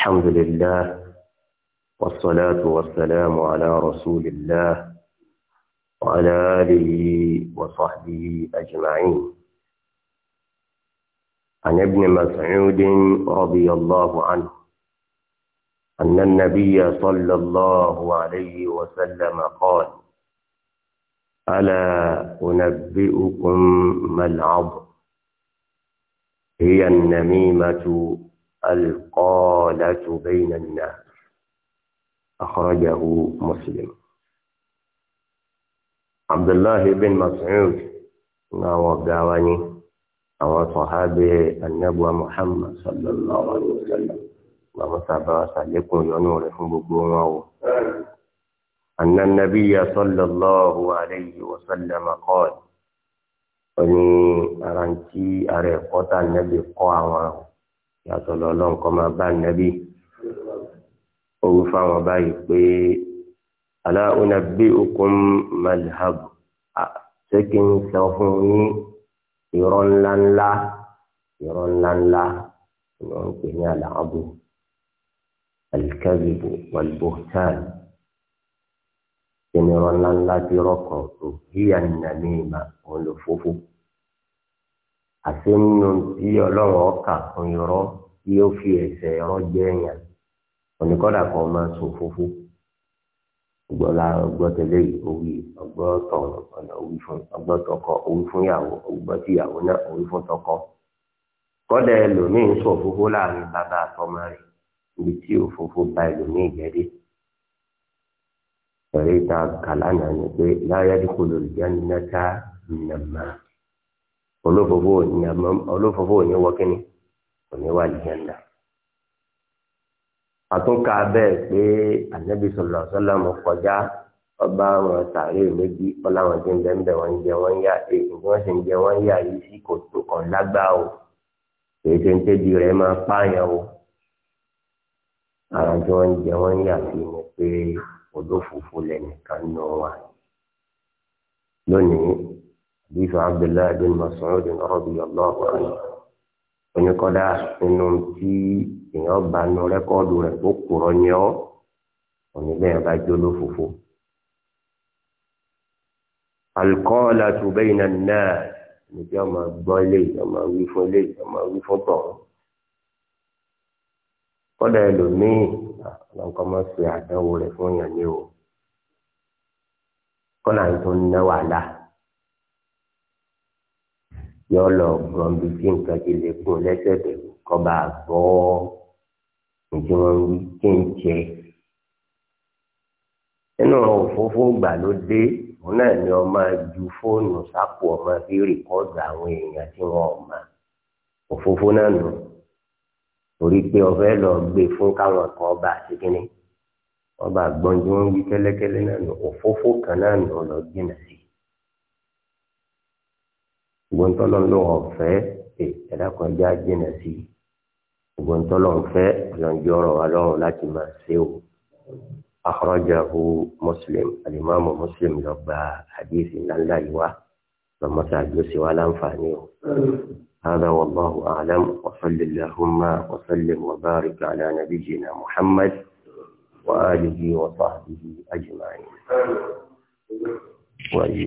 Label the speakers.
Speaker 1: الحمد لله والصلاة والسلام على رسول الله وعلى آله وصحبه أجمعين عن ابن مسعود رضي الله عنه أن النبي صلى الله عليه وسلم قال ألا أنبئكم ما العبر هي النميمة القالة بين الناس أخرجه مسلم عبد الله بن مسعود وقاواني أو صحابي النبوة محمد صلى الله عليه وسلم ومسابة سلكم ينور حبوبهم أن النبي صلى الله عليه وسلم قال أني أرانتي أريقوتا النبي قوى yàtọ̀ lọ́lọ́run kọ́ máa bá nẹ́bí orí fáwọn báyìí pé ala unabbi'ukum malhab ṣé kí n sọ fún yín irọ́ ńláńlá irọ́ ńláńlá ni wọ́n ń pè ní àlàábù alikẹ́bìbò wàlúbọ̀tán ṣe ńláńlá ti rọ́kàn tó híyà nàmíìmà òun lò fófó àti nínú tí ọlọ́run ọkà kan yọrọ tí ó fi ẹsẹ̀ ẹ̀rọ jẹ́ ẹ̀yàn oníkọ́dà kan máa sọ fúfú gbọ́lá ọgbọ́tẹ̀lé òwì ọgbọ́tọ̀ ọ̀nà òwì fún ọgbọ́tọkọ òwì ìyàwó náà òwì fún tọkọ kọ́dà ẹlòmíì sọ fúfú láàrin bàbá àtọmọ rẹ̀ ibi tí òfófó ba ẹlòmíì jẹ́dé ẹ̀rí ta kàlánà ni pé láyé kò lòlùjẹ́ ní mẹ́ta nìyẹn máa olófòfò òní wọ kíni òní wà lìjẹ́ndà àtúnkà bẹ́ẹ̀ pé anabi sọlọ sọlọ mọ kọjá ọba wọn sàárè méjì ọlá wọn jẹ ń bẹ wọn jẹ wọn yá ẹ ìdí wọn sì ń jẹ wọn yá yìí sí kò tó kàn lágbá o èyí tó ń tẹ́bi rẹ̀ máa pààyàn o àwọn tí wọn jẹ wọn yà sí ni pé olófòfò lẹnìkan nù wá lónìí bíi Abdullahi bin Mas'ud radiyallahu anhu oníkọ́dá inú tí èèyàn bá nu rẹ́kọ́ọ̀dù rẹ̀ tó kúrọ̀ ní ọ́ òní bẹ́ẹ̀ bá jó lófòfò. alukọ́ọ̀lá tó bẹ́yìn náà náà níbi ọmọ gbọ́ lé ọmọ wí fún lé ọmọ wí fún tọ̀. kọ́dà ẹlòmíì ọlọ́nkọ́ máa ṣe àdánwò rẹ̀ fún yàn ní o kọ́dà tó ń ná wàhálà yọ lọ gbọ̀nbi tí nǹkan ti lè kún lẹ́sẹ̀ pẹ̀lú kọ́ba àgbọ̀ ǹjẹ́ wọ́n wí kí n jẹ. nínú òfófó gbà ló dé òun náà ni ọ máa ju fóònù sápò ọmọ fi rìkọ́dù àwọn èèyàn tí wọn ò òfófó náà nù torí pé ọ̀fẹ́ lọ gbé e fún káwọn kan bá ṣe kínní wọ́n tí wọ́n wí kẹ́lẹ́kẹ́lẹ́ náà nù òfófó kan náà nù lọ jìnnà gbogbo ń tọ́lọ́ ló wọ̀ fẹ́ ẹ̀dá kan já jìnà sí i gbogbo ń tọ́lọ́ fẹ́ ọlọ́njọ́ ọ̀rọ̀ wa lọ́rùn láti máa ṣe o. akhrajahu muslim alimami muslim lọ gba hadith ńláńlá yìí wá lọ́mọ́sá àjọṣe wa láǹfààní o. هذا والله أعلم وصل اللهم وسلم وبارك على نبينا محمد وآله وصحبه أجمعين.